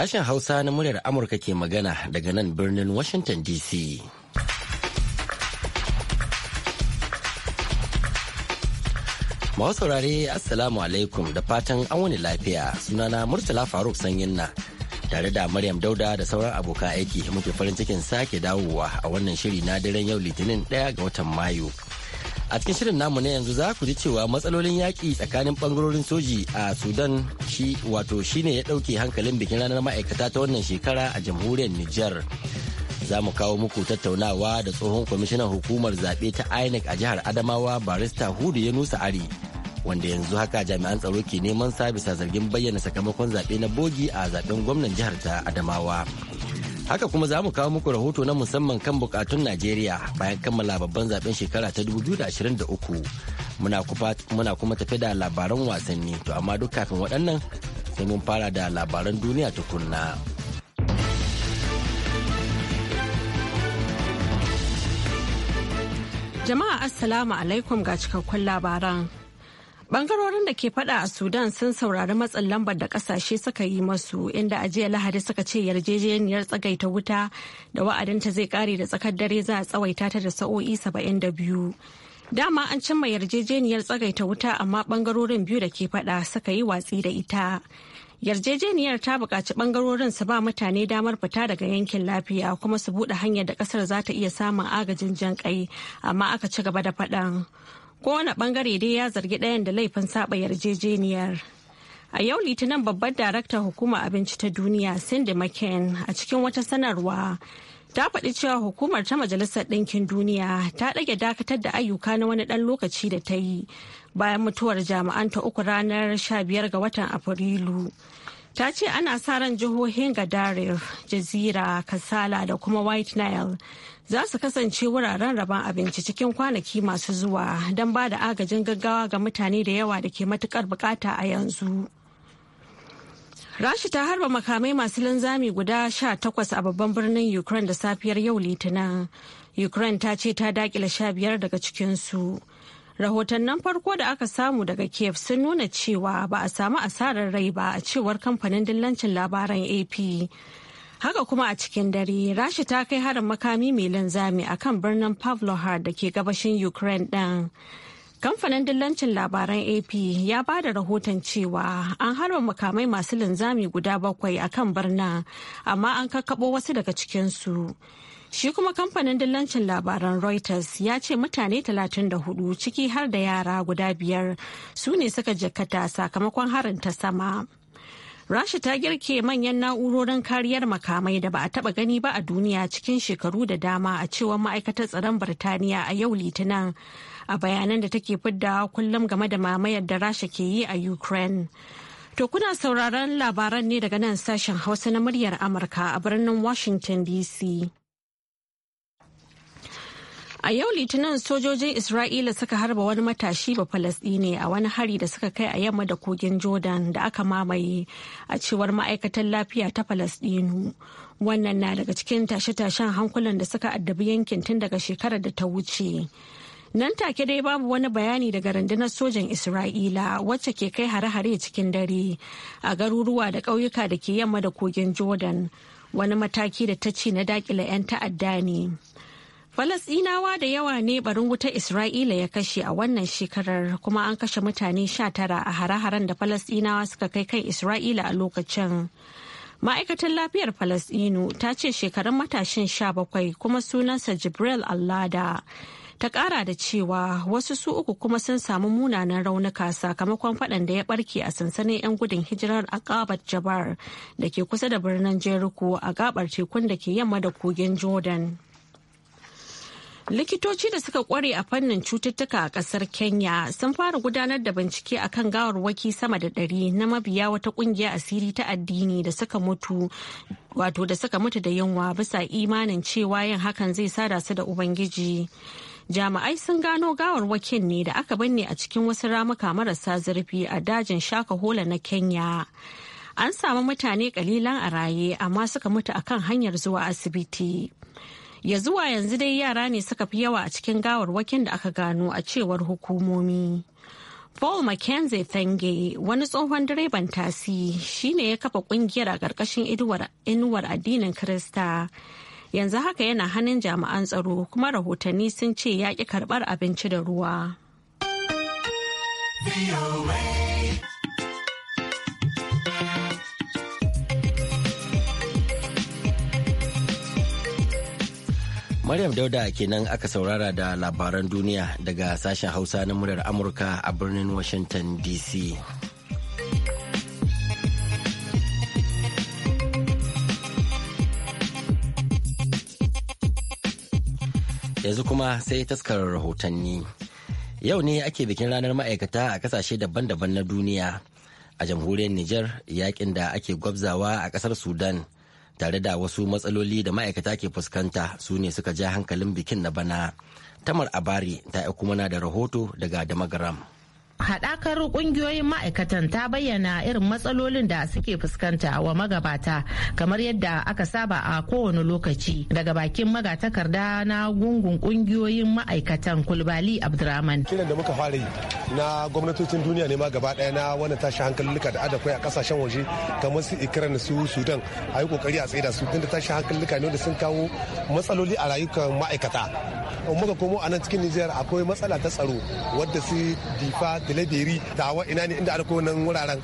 Sashen Hausa na muryar Amurka ke magana daga nan birnin Washington DC. Masu saurare Assalamu alaikum da fatan an wani lafiya sunana Murtala Faruk Sanyin na tare da Maryam Dauda da sauran abokan aiki muke farin cikin sake dawowa a wannan shiri na daren yau Litinin 1 ga watan Mayu. a cikin shirin namu na yanzu za ku ji cewa matsalolin yaƙi tsakanin bangarorin soji a sudan shi wato shine ya ɗauke hankalin bikin ranar ma'aikata ta wannan shekara a jamhuriyar Nijar. za mu kawo muku tattaunawa da tsohon kwamishinan hukumar zaɓe ta inec a jihar adamawa barista hudu ya nusa ari wanda yanzu haka jami'an tsaro ke neman sabisa zargin bayyana sakamakon zaɓe na bogi a zaɓen gwamnan jihar ta adamawa Haka kuma za mu kawo muku rahoto na musamman kan bukatun Najeriya bayan kammala babban zaben shekara ta 2023. Muna kuma tafi da labaran wasanni to amma duk kafin waɗannan sai mun fara da labaran duniya tukunna. Jama'a Assalamu alaikum ga cikakkun labaran. Bangarorin da ke fada a Sudan sun saurari matsin lambar da kasashe suka yi masu inda a jiya Lahadi suka ce yarjejeniyar tsagaita wuta da wa'adinta zai kare da tsakar dare za a tsawaita ta da sa'o'i 72. Dama an cimma yarjejeniyar tsagaita wuta amma bangarorin biyu da ke fada suka yi watsi da ita. Yarjejeniyar ta buƙaci bangarorin su ba mutane damar fita daga yankin lafiya kuma su buɗe hanyar da ƙasar za ta iya samun agajin jan ƙai amma aka ci gaba da faɗan. kowane bangare dai ya zargi ɗayan da laifin saba yarjejeniyar a yau litinin babbar daraktar hukumar abinci ta duniya cindy mccain a cikin wata sanarwa ta faɗi cewa hukumar ta majalisar ɗinkin duniya ta ɗage dakatar da ayyuka na wani ɗan lokaci da ta yi bayan mutuwar jami'an ta uku ranar sha biyar ga watan afrilu ta ce ana sa ran jihohin gadarif jazira kasala da kuma white nile za su kasance wuraren rabon abinci cikin kwanaki masu zuwa don ba da agajin gaggawa ga mutane da yawa da ke matukar bukata a yanzu. Rashi ta harba makamai masu linzami guda sha takwas a babban birnin Ukraine da safiyar yau Litinin. Ukraine ta ce ta dakila sha biyar daga cikinsu. Rahotannin farko da aka samu daga Kiev sun nuna cewa ba a samu asarar rai ba a cewar kamfanin dillancin labaran AP. Haka kuma a cikin dare, Rasha ta kai harin makami mai linzami a kan birnin Pavlohar da ke gabashin Ukraine ɗin. Kamfanin dillancin labaran AP ya ba da rahoton cewa an harba makamai masu linzami guda bakwai a kan birnin, amma an kakkaɓo wasu daga cikinsu. Shi kuma kamfanin dillancin labaran Reuters ya ce mutane 34 ciki har da yara guda biyar su ne suka jakata sakamakon harin ta sama. Rasha ta girke manyan na'urorin kariyar makamai da ba a taba gani ba a duniya cikin shekaru da dama a cewar ma'aikatar tsaron Birtaniya a yau Litinin a bayanan da take fidda kullum game da mamayar da Rasha ke yi a Ukraine. To kuna sauraron labaran ne daga nan sashen Hausa na muryar Amurka a birnin Washington DC. A yau Litinin sojojin Isra'ila suka harba wani matashi ba ne a wani hari da suka kai a yamma da kogin Jordan da aka mamaye a cewar ma'aikatan lafiya ta Falasɗinu. Wannan na daga cikin tashe-tashen hankulan da suka addabi yankin tun daga shekarar da ta wuce. Nan take dai babu wani bayani daga rundunar sojan Isra'ila wacce ke kai hare-hare cikin dare a garuruwa da ƙauyuka da ke yamma da kogin Jordan wani mataki da ta ce na dakile 'yan ta'adda ne. Falasɗinawa da yawa ne barin wuta Isra'ila ya kashe a wannan shekarar kuma an kashe mutane sha tara a hare-haren da Falasdinawa suka kai kan Isra'ila a lokacin. Ma'aikatar lafiyar Falasɗinu ta ce shekarun matashin sha bakwai, kuma sunansa Jibril Allada. Ta ƙara da cewa wasu su uku kuma sun samu munanan raunuka sakamakon faɗan da ya ɓarke a sansanin 'yan gudun hijirar Akabat Jabar da ke kusa da birnin Jericho a gabar tekun da ke yamma da kogin Jordan. Likitoci da suka kware a fannin cututtuka a kasar Kenya sun fara gudanar da bincike a akan gawarwaki sama da ɗari na mabiya wata kungiya asiri ta addini da suka mutu wato da suka mutu da yunwa bisa imanin cewa yin hakan zai sada su da Ubangiji. Jami'ai sun gano gawarwakin ne da aka binne a cikin wasu ramuka marasa zurfi a dajin Shakahola na Kenya. An samu mutane kalilan a raye amma suka mutu akan hanyar zuwa asibiti. ya zuwa yanzu dai yara ne suka fi yawa a cikin gawarwakin da aka gano a cewar hukumomi paul mckenzie thange wani tsohon direban tasi shi ne ya kafa kungiyar a ƙarƙashin inuwar addinin krista yanzu haka yana hannun jami'an tsaro kuma rahotanni sun ce ya ƙi karɓar abinci da ruwa. Maryam Dauda kenan aka saurara da labaran duniya daga sashen Hausa na muryar Amurka a birnin Washington DC. Yanzu kuma sai taskar rahotanni. Yau ne ake bikin ranar ma'aikata a kasashe daban-daban na duniya. A jamhuriyar Nijar yakin da ake gwabzawa a ƙasar Sudan. tare da wasu matsaloli da ma'aikata ke fuskanta su ne suka ja hankalin bikin na bana tamar abari ta kuma na da rahoto daga damagaram. haɗakar ƙungiyoyin ma'aikatan ta bayyana irin matsalolin da suke fuskanta wa magabata kamar yadda aka saba a kowane lokaci daga bakin magatakarda na gungun ƙungiyoyin ma'aikatan kulbali abdurrahman kiran da muka fara yi na gwamnatocin duniya ne ma gaba ɗaya na wannan tashi hankalilika da adakwai a kasashen waje kamar su ikiran su sudan a yi kokari a tsaida su tunda tashi hankalilika ne wanda sun kawo matsaloli a rayukan ma'aikata in muka komo a nan cikin nijiyar akwai matsala ta tsaro wadda su difa da hawa ina ne inda aka wuraren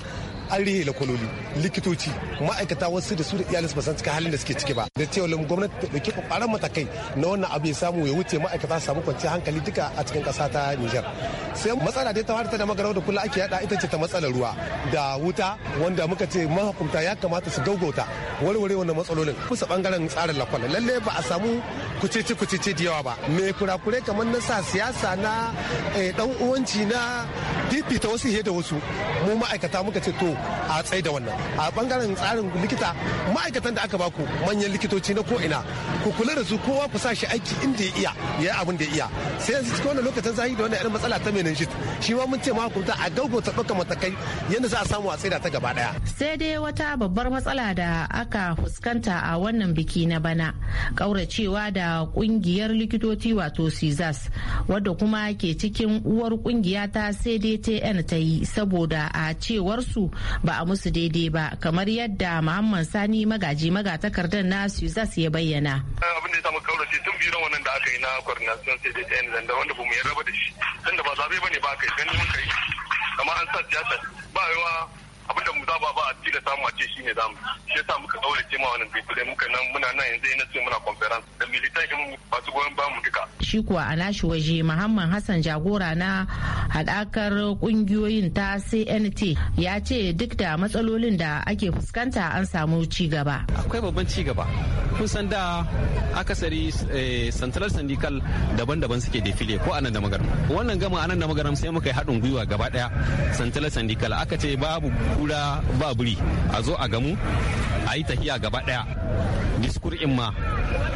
an rihe lakwaloli likitoci ma'aikata wasu da su da iyalinsu ba san cika halin da suke ciki ba da cewa lamu gwamnati ta ɗauki ƙwaƙwaran matakai na wannan abu ya samu ya wuce ma'aikata samu kwanciyar hankali duka a cikin ƙasa ta Nijar. Sai matsala dai ta ta da magarau da kula ake yada ita ce ta matsalar ruwa da wuta wanda muka ce mahukunta ya kamata su gaugauta warware wannan matsalolin kusa bangaren tsarin lakwal lalle ba a samu kucece kucece da yawa ba me kurakure kamar na sa siyasa na dan eh, uwanci na ta wasu da wasu mu ma'aikata muka ce to a tsaye da wannan a bangaren tsarin likita ma'aikatan da aka baku manyan likitoci na ko'ina ku kula da su kowa ku sa shi aiki inda ya iya ya yi abin da ya iya sai yanzu cikin wannan lokacin zahi da wannan irin matsala ta meningitis shi ma mun ce ma hukunta a ta ɗauka matakai yadda za a samu a tsaida ta gaba ɗaya. sai dai wata babbar matsala da aka fuskanta a wannan biki na bana kauracewa da kungiyar likitoci wato cizas wadda kuma ke cikin uwar kungiya ta cdtn ta yi saboda a cewarsu ba a musu daidai ba kamar yadda muhammad sani magaji magatakardar na suzas ya bayyana abin da ya samu kaurace tun biyu wannan da aka yi na coordination state da yan zanda wanda bamu yarda ba da shi tunda ba zabe bane ba kai gani mun kai kamar an sa siyasa ba yawa abinda mu za ba a tila samu a ce shi za zamu shi yasa muka daure ce ma wannan bitu muka nan muna nan yanzu yana ce muna conference da militan mu masu goyon ba mu duka shi kuwa a nashi waje Muhammad Hassan jagora na hadakar kungiyoyin ta CNT ya ce duk da matsalolin da ake fuskanta an samu ci gaba akwai babban ci gaba kun san da akasari eh, central sandikal daban-daban suke defile ko anan da magaram wannan gama anan da magaram sai muka yi haɗin gwiwa gaba ɗaya central sandikal aka ce babu kura ba buri a zo a gamu a yi tafiya gaba daya in ma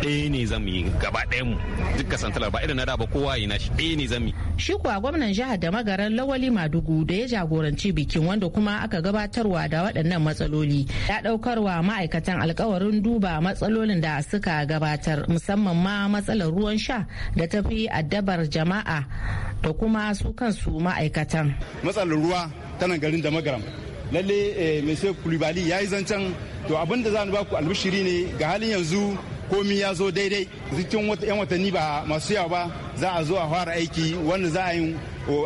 ɗaya ne zan yi gaba ɗaya mu duka santalar ba irin na da ba kowa yi nashi ɗaya ne zan yi. Shi kuwa gwamnan jihar da magaran Lawali Madugu da ya jagoranci bikin wanda kuma aka gabatarwa da waɗannan matsaloli ya ɗaukarwa ma'aikatan alkawarin duba matsalolin da suka gabatar musamman ma matsalar ruwan sha da tafi addabar jama'a da kuma su kansu ma'aikatan. Matsalar ruwa tana garin da magaram lalle eh, monsieur kulibali ya yi zancen to abin da za ni ku albishiri ne ga halin yanzu komi ya zo daidai cikin yan watanni ba masu yawa ba za a zo a fara aiki wanda za a yi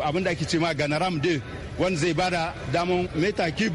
abin da ake ce ma naram de wanda zai bada damar kib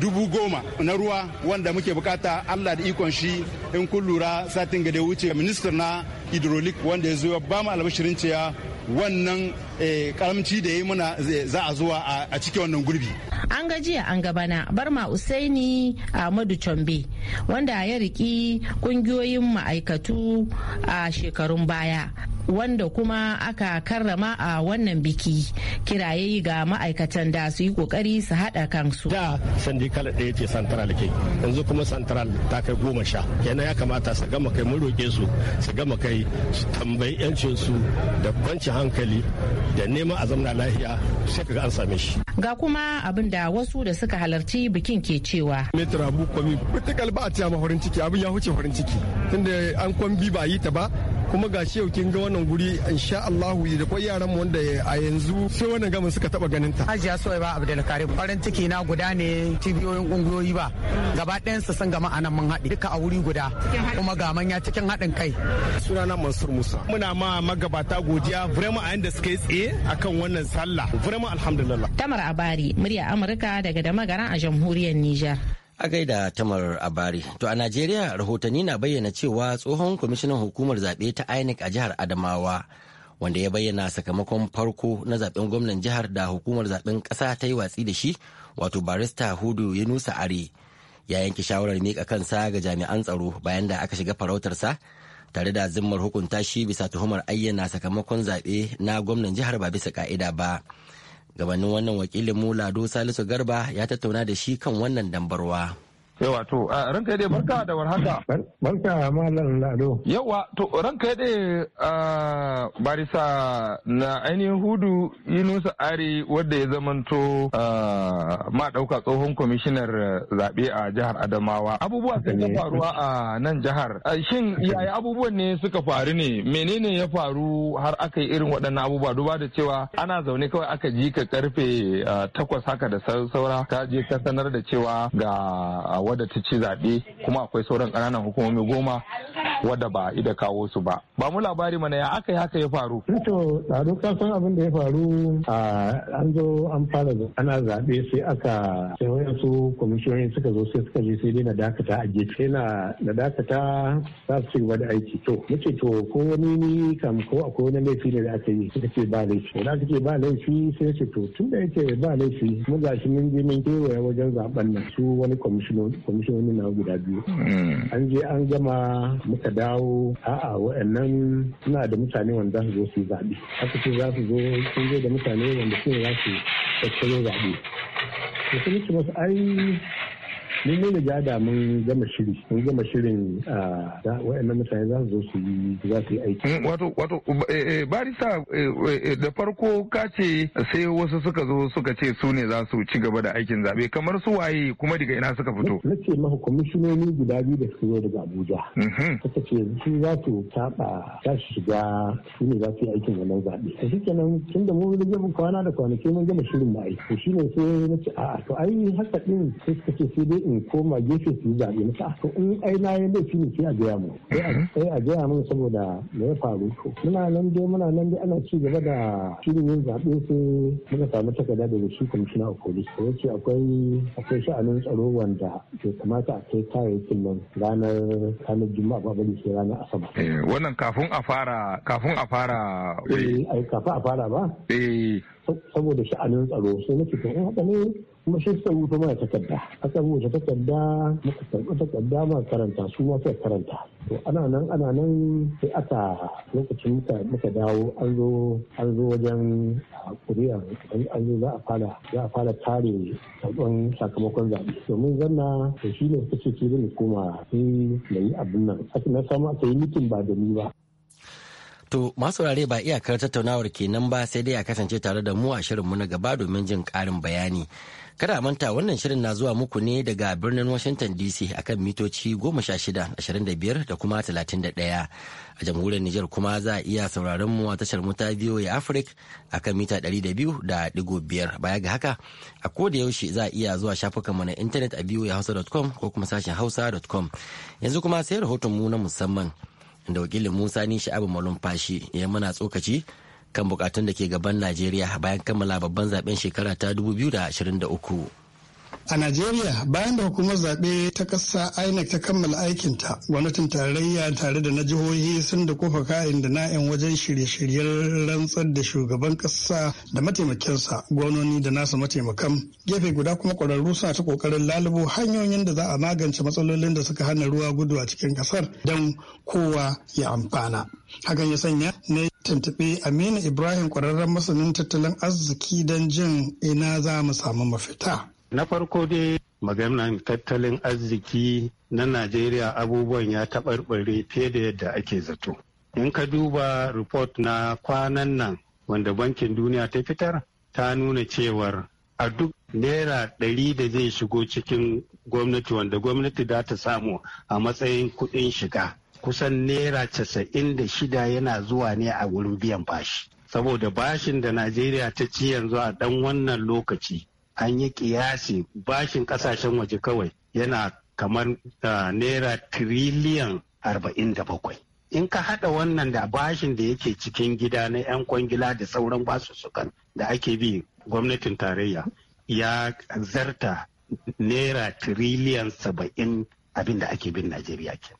dubu goma na ruwa wanda muke bukata allah da ikon shi in kun lura satin gade wuce minister na hydraulic wanda ya zo ba mu albashirin cewa wannan eh, karamci da ya yi muna eh, za a zuwa a cikin wannan gurbi. An jiya an gabana Barma Usaini Ahmadu Chombe wanda ya riki kungiyoyin ma'aikatu a shekarun baya wanda kuma aka karrama a wannan biki kiraye ga ma'aikatan da su yi kokari su haɗa kansu da shandi kala ɗaya ce central ke yanzu kuma central ta kai goma sha yana ya kamata su gama kai mun roƙe su su gama kai su tambayi yancin su da kwanci hankali da neman a zamana lafiya sai kaga an same shi ga kuma abin da wasu da suka halarci bikin ke cewa metra bu komi ba a farin ciki abin ya huce farin ciki tunda an kwambi ba yi ta ba kuma ga shi yau kin ga wannan guri insha Allah da yaran mu wanda a yanzu sai wannan gamin suka taba ganin ta Hajiya Suwaiba Abdul Karim farin ciki na guda ne cibiyoyin kungiyoyi ba gaba ɗayan su sun gama anan mun haɗi duka a wuri guda kuma ga manya cikin haɗin kai sunana Mansur Musa muna ma magabata godiya vraiment a yanda suka yi tsaye akan wannan sallah vraiment alhamdulillah Tamar Abari murya Amurka daga da magaran a jamhuriyar Nijar A gaida tamar abari. To a Najeriya rahotanni na bayyana cewa tsohon kwamishinan hukumar zaɓe ta INEC a jihar Adamawa wanda ya bayyana sakamakon farko na zaɓen gwamnan jihar da hukumar zaɓen ƙasa ta yi watsi da shi wato barista hudu ya nusa are ya yanke shawarar miƙa kansa ga jami'an tsaro bayan da aka shiga farautarsa tare da zimmar hukunta shi bisa tuhumar ayyana sakamakon zaɓe na gwamnan jihar ba bisa ƙa'ida ba. gabanin wannan wakilin mu lado salisu garba ya tattauna da shi kan wannan dambarwa Yawa to ranka yadda barka da warhaka. Barka malam Lado. Yawa to ranka yadda barisa na ainihin hudu Yunusa Ari wadda ya zamanto ma dauka tsohon kwamishinar zaɓe a jihar Adamawa. Abubuwa sun ta eh, faruwa a nan jihar. Shin yaya abubuwan ne suka faru ne? Menene ya faru har aka yi irin waɗannan abubuwa duba da cewa ana zaune kawai aka ji ka karfe takwas haka da saura ka je ka sanar da cewa ga wadda ta ci zaɓe kuma akwai sauran ƙananan hukumomi goma wadda ba ida kawo su ba ba mu labari mana ya aka yi haka ya faru to tsaro kasan abin da ya faru a an zo an fara ana zaɓe sai aka sai wayansu kwamishiyoyin suka zo sai suka je sai dai na dakata a gefe na na dakata za su ci da aiki to muke to ko wani ni kam ko akwai wani laifi ne da aka yi suka ce ba laifi da aka ce ba laifi sai ce to tun da yake ba laifi mun gashi mun je mun kewaye wajen zaben nan su wani kwamishinon kwamishoni na guda biyu hmm. an je an gama muka dawo a'a wa'annan suna da mutane wanda za su zo su yi zaɓe haka ce za su zo sun zo da mutane wanda su za su tattaro zaɓe masu mun yi da mun gama shiri mun gama shirin wa'annan mutane za su zo su yi za su yi aiki. Mm, wato wato eh, eh, barista eh, da farko ka ce sai wasu suka zo suka ce su ne za su ci gaba da aikin zabe kamar su waye kuma daga ina suka fito. na ce maka kwamishinoni guda biyu da suka zo daga abuja. Mm-hmm. suka ce su za su taɓa za su shiga su ne za su yi aikin wannan zabe. da shi kenan tun da mun riga mun kwana da kwanaki mun gama shirin mu aiki. shi ne sai na ce a'a to ai haka din sai suka ce sai dai in in koma gefe su yi zaɓe na aka ah, in ai na yi laifi ne sai a gaya mu sai a gaya mun saboda me ya faru to muna nan dai muna nan dai ana ci gaba da shirin yin zaɓe sai muka samu takarda daga shi kwamishina a police da yace akwai akwai sha'anin tsaro wanda ke kamata a kai kayayyakin nan ranar ranar juma'a ba bari sai ranar asabar. Eh, wannan kafin a fara kafin a fara. eh kafin a fara ba. eh saboda sha'anin tsaro sai nake to in haka ne kuma shi mana takarda aka rubuta takarda muka karɓi takarda ma karanta su ma karanta to ana nan ana nan sai aka lokacin muka muka dawo an zo an zo wajen kuriya an zo za a fara za a fara tare karɓan sakamakon zaɓe domin zanna to shi ne suka ce ke zan koma sai na yi abin nan na samu aka yi mitin ba da ni ba To masu saurare ba iyakar tattaunawar kenan ba sai dai a kasance tare da mu a shirinmu na gaba domin jin ƙarin bayani. Kada manta wannan shirin na zuwa muku ne daga birnin Washington DC akan mitoci 16, 25 da kuma 31. A jamhuriyar Nijar kuma za a iya sauraron mu a tashar muta ya a akan mita 200.5 baya ga haka a koda yaushe za a iya zuwa shafukanmu na intanet a hausa.com ko kuma sashen hausa.com. Yanzu kuma sai rahoton mu na musamman. da wakilin musa ni sha'abu malumfashi ya muna tsokaci kan bukatun da ke gaban najeriya bayan kammala babban zaben shekara ta 2023 A Najeriya bayan da hukumar zaɓe ta ƙasa INEC ta kammala aikinta, gwamnatin tarayya tare da na jihohi sun da kofa ka'in da na'in wajen shirye-shiryen rantsar da shugaban ƙasa da mataimakinsa gwamnoni da nasa mataimakan. Gefe guda kuma ƙwararru suna ta ƙoƙarin lalubo hanyoyin da za a magance matsalolin da suka hana ruwa gudu a cikin ƙasar don kowa ya amfana. Hakan ya sanya ne tuntuɓi Aminu Ibrahim ƙwararren masanin tattalin arziki don jin ina za mu samu mafita. na farko dai maganar tattalin arziki na najeriya abubuwan ya taɓarɓare fiye da yadda ake zato in ka duba report na kwanan nan wanda bankin duniya ta fitar ta nuna cewar a duk naira ɗari da zai shigo cikin gwamnati wanda gwamnati za ta samu a matsayin kuɗin shiga kusan naira casa'in da shida yana zuwa ne a wurin biyan bashi saboda bashin da najeriya ta ci yanzu a ɗan wannan lokaci an yi kiyasi bashin kasashen waje kawai yana kamar ah, naira tiriliyan 47 in ka hada wannan da bashin da yake cikin gida na 'yan kwangila da sauran basussukan da ake bi gwamnatin tarayya ya zarta naira tiriliyan 70 abin da ake bin najeriya ke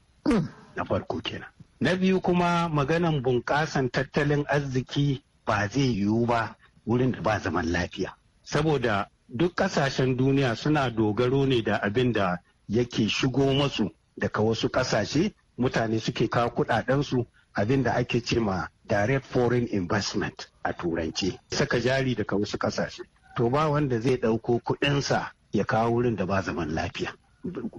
na farko kenan na biyu kuma maganan bunƙasan tattalin arziki ba zai yiwu ba wurin da ba zaman lafiya saboda duk ƙasashen duniya suna dogaro ne da abin da yake shigo masu daga wasu ƙasashe mutane suke kawo kudadensu abin da ake ce ma direct foreign investment a turanci saka jari daga wasu kasashe to ba wanda zai ɗauko kuɗinsa ya kawo wurin da ba zaman lafiya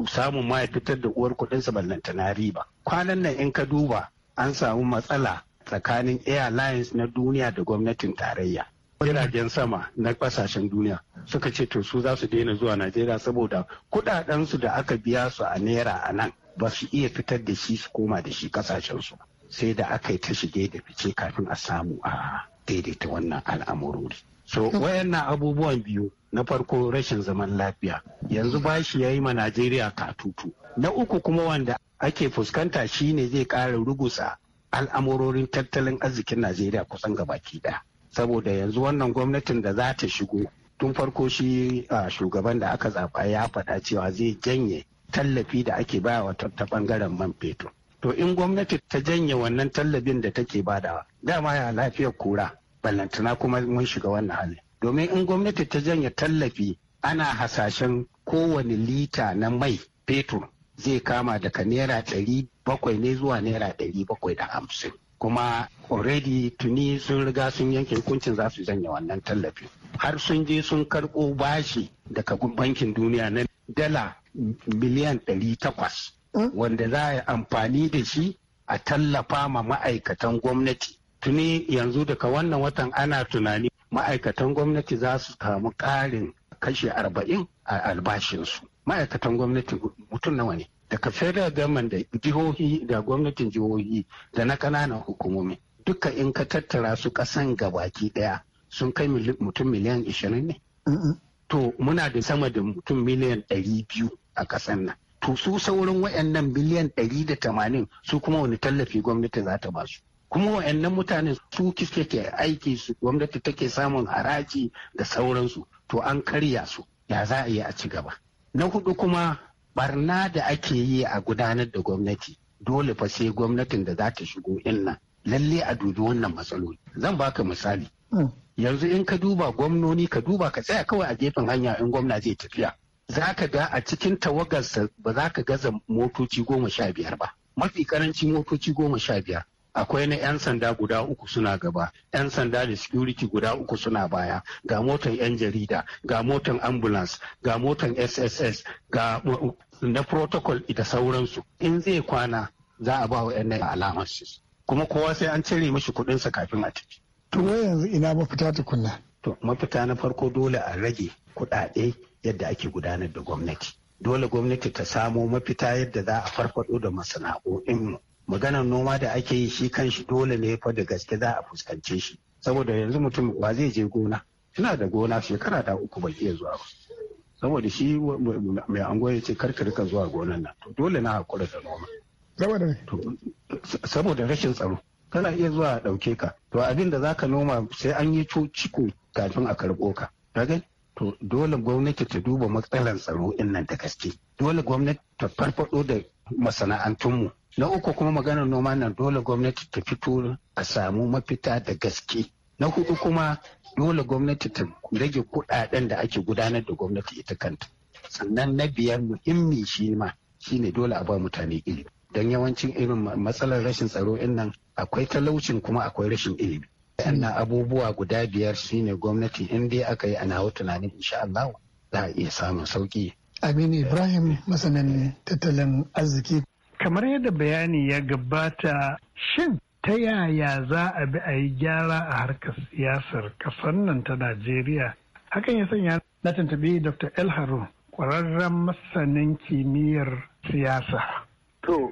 samun ma ya fitar da uwar kuɗinsa ballantana riba kwanan nan in ka duba an samu matsala tsakanin airlines na duniya da gwamnatin tarayya jiragen sama na kasashen duniya suka ce to su za su daina zuwa najeriya saboda kudadensu da aka biya su a naira a nan ba su iya fitar da shi su koma da shi kasashensu sai da aka yi ta shige da fice kafin a samu a daidaita wannan al'amurori so wayannan abubuwan biyu na farko rashin zaman lafiya yanzu bashi ya yi ma najeriya katutu na uku kuma wanda ake fuskanta shine zai ƙara rugusa al'amurorin tattalin arzikin najeriya kusan gabaki ɗaya saboda yanzu wannan gwamnatin da za ta shigo tun farko shi a shugaban da aka zaba ya faɗa cewa zai janye tallafi da ake baya wa ta ɓangaren man fetur to in gwamnati ta janye wannan tallafin da take badawa dama ya lafiyar kura ballantana kuma mun shiga wannan hali domin in gwamnati ta janye tallafi ana hasashen kowane lita na mai fetur zai kama daga naira ɗari bakwai ne zuwa naira ɗari bakwai da hamsin kuma already tuni sun riga sun yanke hukuncin za su janye wannan tallafi har sun je sun karɓo bashi daga bankin duniya na dala miliyan 800 hmm? wanda za a yi amfani da shi a tallafa ma ma'aikatan gwamnati tuni yanzu daga wannan watan ana tunani ma'aikatan gwamnati za su samu ƙarin kashe arba'in a albashinsu ma'aikatan gwamnati mutum nawa ne daga federal government da jihohi da gwamnatin jihohi da na kananan hukumomi duka in ka tattara su kasan gabaki daya sun kai mutum miliyan 20 ne to muna da sama da mutum miliyan 200 a kasan nan to su sauran wayannan miliyan 180 su kuma wani tallafi gwamnati za ta basu kuma wayannan mutane su kiske ke aiki su gwamnati take samun haraji da sauransu to an karya su ya za a yi a ci gaba na hudu kuma barna da ake yi a gudanar da gwamnati dole fa sai gwamnatin da za ta shigo nan lalle a dubi wannan matsaloli zan baka misali hmm. yanzu in ka duba gwamnoni ka duba ka tsaya kawai a gefen hanya in gwamna zai tafiya za ka ga a cikin tawagarsa ba za ka gaza motoci goma sha biyar ba mafi karanci motoci goma sha biyar akwai na 'yan sanda guda uku suna gaba 'yan sanda da security guda uku suna baya ga motan 'yan jarida ga motan ambulance ga motan sss ga na protocol da sauransu in zai kwana za a ba wa alamar shi kuma kowa sai an cire mashi kuɗinsa kafin a tafi. to yanzu ina mafita tukunna. to mafita na farko dole a rage kuɗaɗe yadda ake gudanar da gwamnati dole gwamnati ta samo mafita yadda za a farfado da masana'o'in maganar noma da ake yi shi kan dole ne fa da gaske za a fuskance shi saboda yanzu mutum ba zai je gona ina da gona shekara da uku bai iya zuwa ba saboda shi mai angon ya ce karka rika zuwa gonan nan to dole na hakura da noma saboda rashin tsaro kana iya zuwa a ɗauke ka to abin da zaka noma sai an yi ciko kafin a karɓo ka daga to dole gwamnati ta duba matsalar tsaro in nan da gaske dole gwamnati ta farfado da masana'antunmu na uku kuma maganar noma nan dole gwamnati ta fito a samu mafita da gaske na hudu kuma dole gwamnati ta rage kudaden da ake gudanar da gwamnati ita kanta sannan na biyar muhimmi shi ma shine dole a ba mutane ilimi don yawancin irin matsalar rashin tsaro in nan akwai talaucin kuma akwai rashin ilimi Yana abubuwa guda biyar shine gwamnati in dai aka yi ana tunanin insha Allah za a iya samun sauki Aminu Ibrahim masanin tattalin arziki kamar yadda bayani ya gabata shin ta yaya za a bi a yi gyara a harkar siyasar ƙasar nan ta najeriya hakan ya sanya na tuntubi dr el harun ƙwararren masanin kimiyyar siyasa to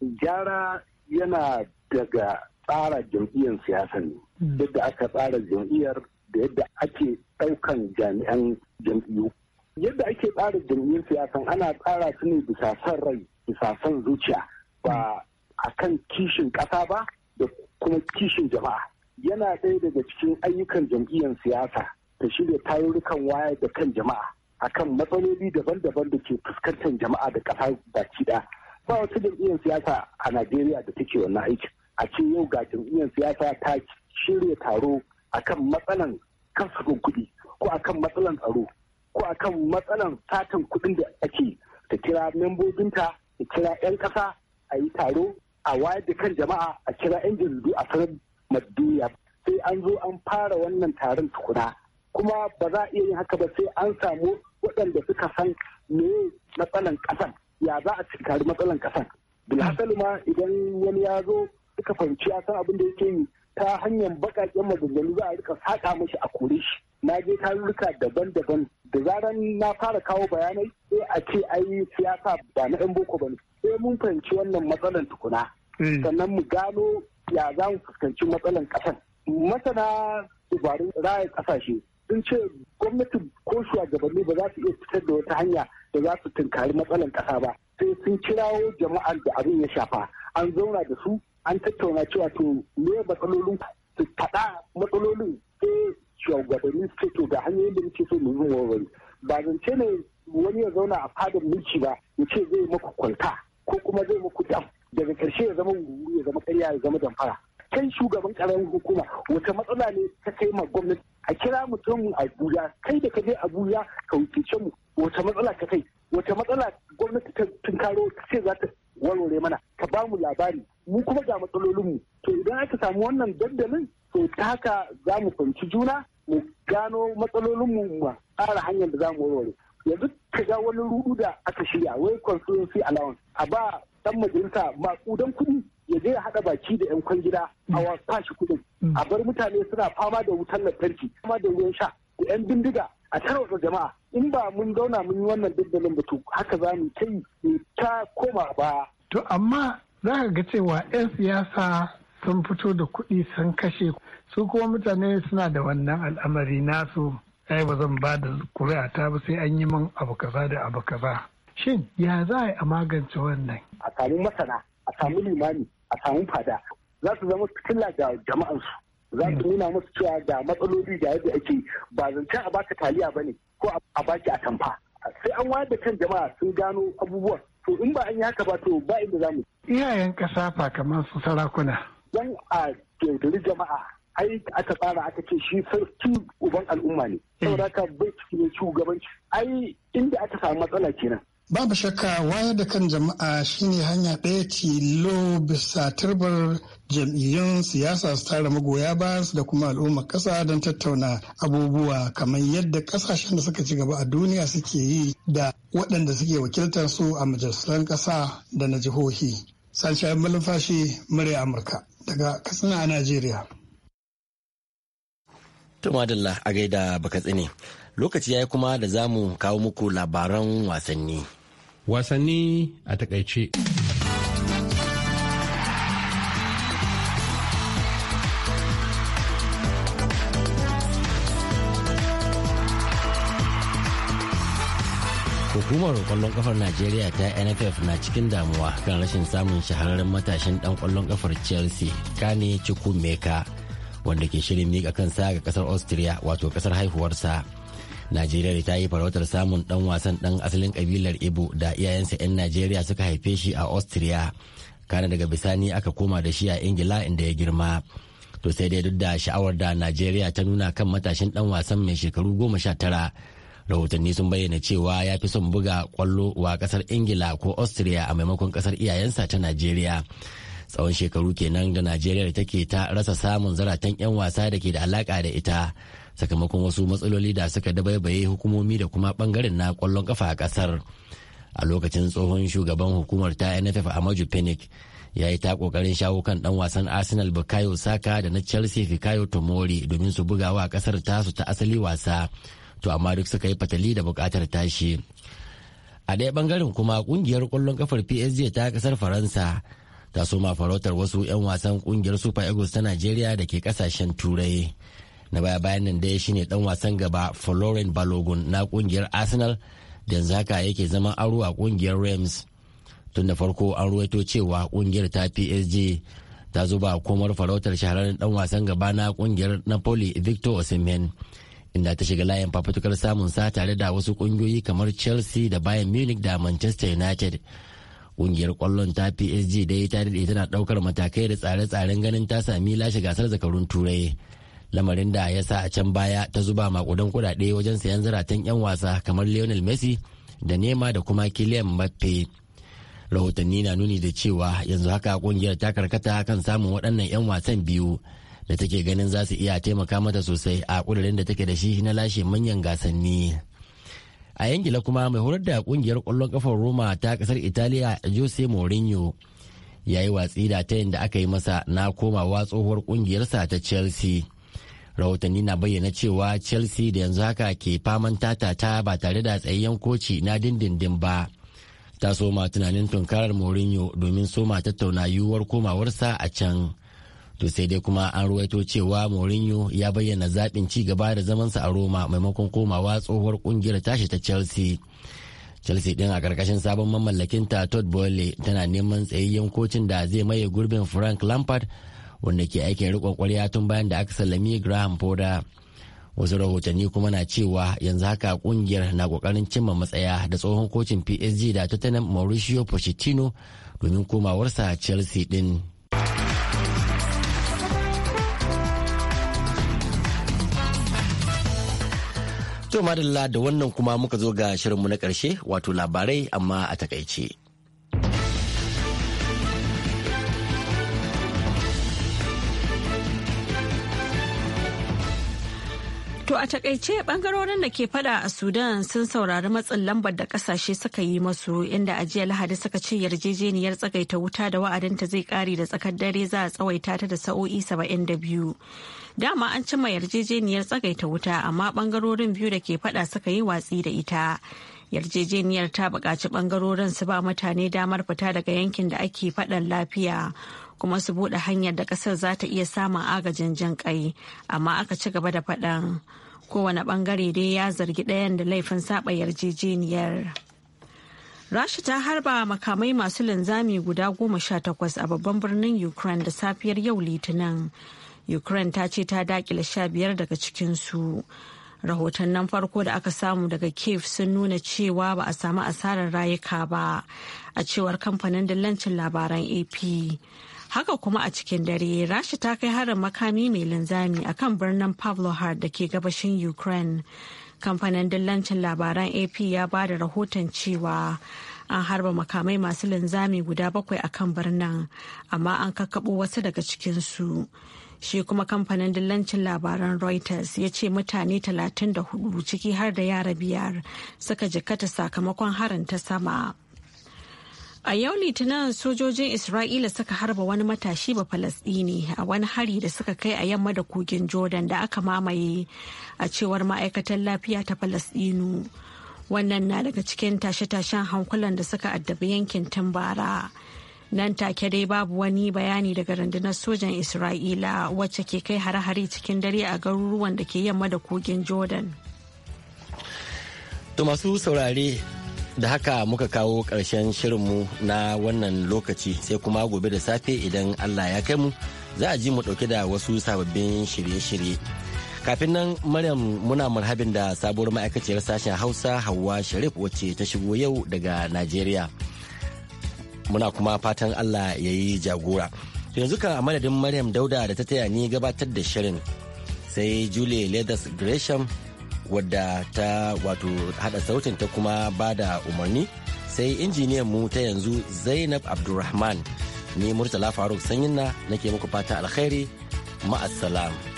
gyara yana daga tsara jam'iyyar siyasa ne hmm. yadda aka tsara jam'iyyar da yadda ake ɗaukan jami'an jam'iyyu yadda ake tsara jam'iyyar siyasa ana tsara su ne bisa son rai bisa son zuciya ba hmm. a kan kishin ƙasa ba da kuma kishin jama'a yana ɗaya daga cikin ayyukan jam'iyyar siyasa ta shirya tarurrukan waya da kan jama'a A kan matsaloli daban-daban da ke fuskantar jama'a da ƙasa baki ɗaya ba wata jam'iyyar siyasa a najeriya da take wannan aiki. a ce yau ga jam'iyyar siyasa ta shirya taro a kan matsalan kasafin kuɗi ko a kan matsalan tsaro ko a kan matsalan satan kuɗin da ake ta kira membobinta ta kira 'yan ƙasa a yi taro a wayar da kan jama'a a kira 'yan jaridu a sanar maduniya sai an zo an fara wannan taron tukuna kuma ba za a iya yin haka ba sai an samu waɗanda suka san me matsalan ƙasan ya za a cinkari matsalan ƙasan bilhassali ma idan wani ya zo suka fahimci ya san abin da yake yi ta hanyar baƙaƙen maganganu za a rika saƙa mashi a kore shi na je tarurruka daban-daban da zaran na fara kawo bayanai sai a ce ai siyasa ba na 'yan boko ba ne sai mun fahimci wannan matsalan tukuna mm. sannan mu gano ya za mu fuskanci matsalan kasan masana dubarun raya kasashe sun ce gwamnati ko shugabanni ba za su iya fitar da wata hanya da za su tunkari matsalan kasa ba sai sun kirawo jama'ar da abin ya shafa an zauna da su an tattauna cewa to me matsalolin su faɗa matsalolin sai shugabanni su to ga hanyoyin da muke so mu yi warware ba zance ne wani ya zauna a fadar mulki ba ya ce zai maku kwalta ko kuma zai maku dam daga karshe ya zama wuri ya zama karya ya zama damfara kai shugaban karamin hukuma wata matsala ne ta kai ma gwamnati a kira mutum abuja kai da ka je abuja ka wuce mu wata matsala ta kai wata matsala gwamnati ta tunkaro ce za ta warware mana ka ba mu labari mu kuma ga matsalolinmu to idan aka samu wannan dandalin to ta haka za mu fahimci juna mu gano matsalolin mu tsara hanyar da za mu warware yanzu ka ga wani rudu da aka shirya wai constituency allowance a ba dan majalisa kudan kuɗi ya je ya haɗa baki da 'yan kwangila a shi kuɗin a bar mutane suna fama da wutar lantarki fama da ruwan sha da 'yan bindiga a tarwatsa jama'a in ba mun zauna mun yi wannan dandalin batu haka za mu kai yi ta koma ba. to amma za ka ga cewa 'yan siyasa sun fito da kuɗi sun kashe su kuma mutane suna da wannan al'amari nasu ai ba zan ba da kuri'a ta ba sai an yi min abu kaza da abu kaza shin ya za a yi a magance wannan a samu masana a samu limani, a samu fada za su zama fitila ga jama'ansu za su nuna musu cewa ga matsaloli da yadda ake ba zance a baka taliya ba ne ko a baki a tamfa sai an wayar da kan jama'a sun gano abubuwan to in ba an yi haka ba to ba inda za mu iyayen kasafa kamar su sarakuna don a yaudari jama'a ai aka tsara aka ce shi sarki uban al'umma ne hmm. saboda ka bai cikin shugabanci ai inda aka samu matsala kenan Babu shakka wayar da kan jama'a shine hanya ɗaya tilo bisa turbar jam'iyyun siyasa su tara magoya ba su da kuma al'umma ƙasa don tattauna abubuwa kamar yadda ƙasashen da suka ci gaba a duniya suke yi da waɗanda suke wakiltar su a majalisar ƙasa da na jihohi. Sanshayin Malumfashi, murya Amurka. daga Katsina a Najeriya. Tumadalla a gaida tsini Lokaci ya yi kuma da zamu kawo muku labaran wasanni. Wasanni a takaice. Hukumar kwallon kafar Najeriya ta NFF na cikin damuwa kan rashin samun shahararren matashin dan kwallon kafar Chelsea Kane Chukwumeka wanda ke shirin mika kansa ga kasar Austria wato kasar haihuwarsa. Najeriya ta yi farautar samun dan wasan dan asalin kabilar Ibo da iyayensa 'yan Najeriya suka haife shi a Austria. Kana daga bisani aka koma da shi a Ingila inda ya girma. To sai dai duk da sha'awar da Najeriya ta nuna kan matashin dan wasan mai shekaru goma sha tara rahotanni sun bayyana cewa ya fi son buga kwallo wa kasar ingila ko austria a maimakon kasar iyayensa ta najeriya tsawon shekaru kenan da najeriya take ta rasa samun zaratan 'yan wasa da ke da alaka da ita sakamakon wasu matsaloli da suka dabaibaye hukumomi da kuma bangaren na kwallon kafa a kasar a lokacin tsohon shugaban hukumar ta nff amaju phoenix ya yi ta kokarin shawo kan dan wasan arsenal bukayo saka da na chelsea fikayo tomori domin su bugawa kasar tasu ta asali wasa to amma duk suka yi fatali da bukatar tashi a ɗaya bangaren kuma ƙungiyar kwallon kafar psg ta ƙasar faransa ta soma farautar wasu 'yan wasan ƙungiyar super eagles ta nigeria da ke ƙasashen turai na baya bayan nan dai shine ɗan wasan gaba florent balogun na ƙungiyar arsenal da yanzu haka yake zama aro a ƙungiyar rams tun da farko an ruwaito cewa ƙungiyar ta psg ta zuba komar farautar shahararren dan wasan gaba na kungiyar napoli victor osimhen inda ta shiga layin fafutukar samun sa tare da wasu kungiyoyi kamar chelsea da bayern munich da manchester united kungiyar kwallon ta psg dai ta daɗe tana ɗaukar matakai da tsare-tsaren ganin ta sami lashe gasar zakarun turai lamarin da ya sa a can baya ta zuba makudan kuɗaɗe wajen sayan zaratan 'yan wasa kamar lionel messi da nema da kuma kylian mbappe rahotanni na nuni da cewa yanzu haka kungiyar ta karkata kan samun waɗannan 'yan wasan biyu da take ganin za su iya taimaka mata sosai a ƙudurin da take da shi na lashe manyan gasanni. A Yangila kuma mai horar da kungiyar kwallon kafar Roma ta ƙasar Italiya Jose Mourinho ya yi watsi da ta yin da aka yi masa na komawa tsohuwar ƙungiyarsa ta Chelsea. Rahotanni na bayyana cewa Chelsea da yanzu haka ke faman tata ta ba tare da tsayayyen koci na dindindin ba. Ta soma tunanin tunkarar Mourinho domin soma tattauna yiwuwar komawarsa a can. to sai dai kuma an ruwaito cewa Mourinho ya bayyana zaɓin ci gaba da zamansa a Roma maimakon komawa tsohuwar kungiyar tashi ta Chelsea. Chelsea din a karkashin sabon mamallakin ta Todd Boehly tana neman tsayayyen kocin da zai maye gurbin Frank Lampard wanda ke aikin riƙon ƙwarya tun bayan da aka sallami Graham Potter. Wasu rahotanni kuma na cewa yanzu haka kungiyar na kokarin cimma matsaya da tsohon kocin PSG da Tottenham Mauricio Pochettino domin komawarsa Chelsea din. To madalla da wannan kuma muka zo ga shirinmu na ƙarshe wato labarai amma a takaice. a takaice bangarorin da ke fada a Sudan sun saurari matsin lambar da kasashe suka yi masu inda a jiya Lahadi suka ce yarjejeniyar tsagaita wuta da wa'adinta zai kare da tsakar dare za a tsawaita ta da sa'o'i 72. Dama an cima yarjejeniyar tsagaita wuta amma bangarorin biyu da ke fada suka yi watsi da ita. yarjejeniyar ta bukaci bangarorin su ba mutane damar fita daga yankin da ake faɗan lafiya kuma su buɗe hanyar da ƙasar za ta iya samun agajin jin ƙai amma aka ci gaba da faɗan kowane bangare dai ya zargi ɗayan da laifin saba yarjejeniyar rasha ta harba makamai masu linzami guda goma sha takwas a babban birnin ukraine da safiyar yau litinin ukraine ta ce ta dakile sha biyar daga cikinsu rahotannin farko da aka samu daga kiev sun nuna cewa ba a samu asarar rayuka ba a cewar kamfanin dillancin labaran ap Haka kuma a cikin dare, Rasha ta kai harin makami mai linzami a kan birnin Pavlohar da ke gabashin Ukraine. Kamfanin dillancin labaran AP ya ba da rahoton cewa an harba makamai masu linzami guda bakwai a kan birnin, amma an kakkaɓo wasu daga cikinsu. Shi kuma kamfanin dillancin labaran Reuters ya ce mutane 34 ciki har da yara biyar suka jikkata sakamakon harin ta sama. A yau Litinin sojojin Isra'ila suka harba wani matashi ba Falasɗini a wani hari da suka kai a yamma da kogin Jordan da aka mamaye a cewar ma'aikatan lafiya ta Falasɗinu. Wannan na daga cikin tashe-tashen hankulan da suka addabi yankin tun bara. Nan take dai babu wani bayani daga rundunar sojan Isra'ila wacce ke kai hare-hare cikin dare a garuruwan da ke yamma da kogin Jordan. To masu saurare da haka muka kawo ƙarshen shirinmu na wannan lokaci sai kuma gobe da safe idan allah ya kai mu za a ji mu ɗauke da wasu sababbin shirye-shirye kafin nan maryam muna marhabin da sabuwar ma'aikaciyar sashen hausa hawa sharif wacce ta shigo yau daga najeriya muna kuma fatan allah ya yi jagora yanzu kan madadin maryam dauda da ta taya ni gabatar da shirin sai julie leathers gresham wadda ta wato hada sautin ta kuma ba da umarni sai injiniyan mu ta yanzu zainab abdulrahman ne murtala faruk sanyin na nake muku fata alkhairi ma'assalam.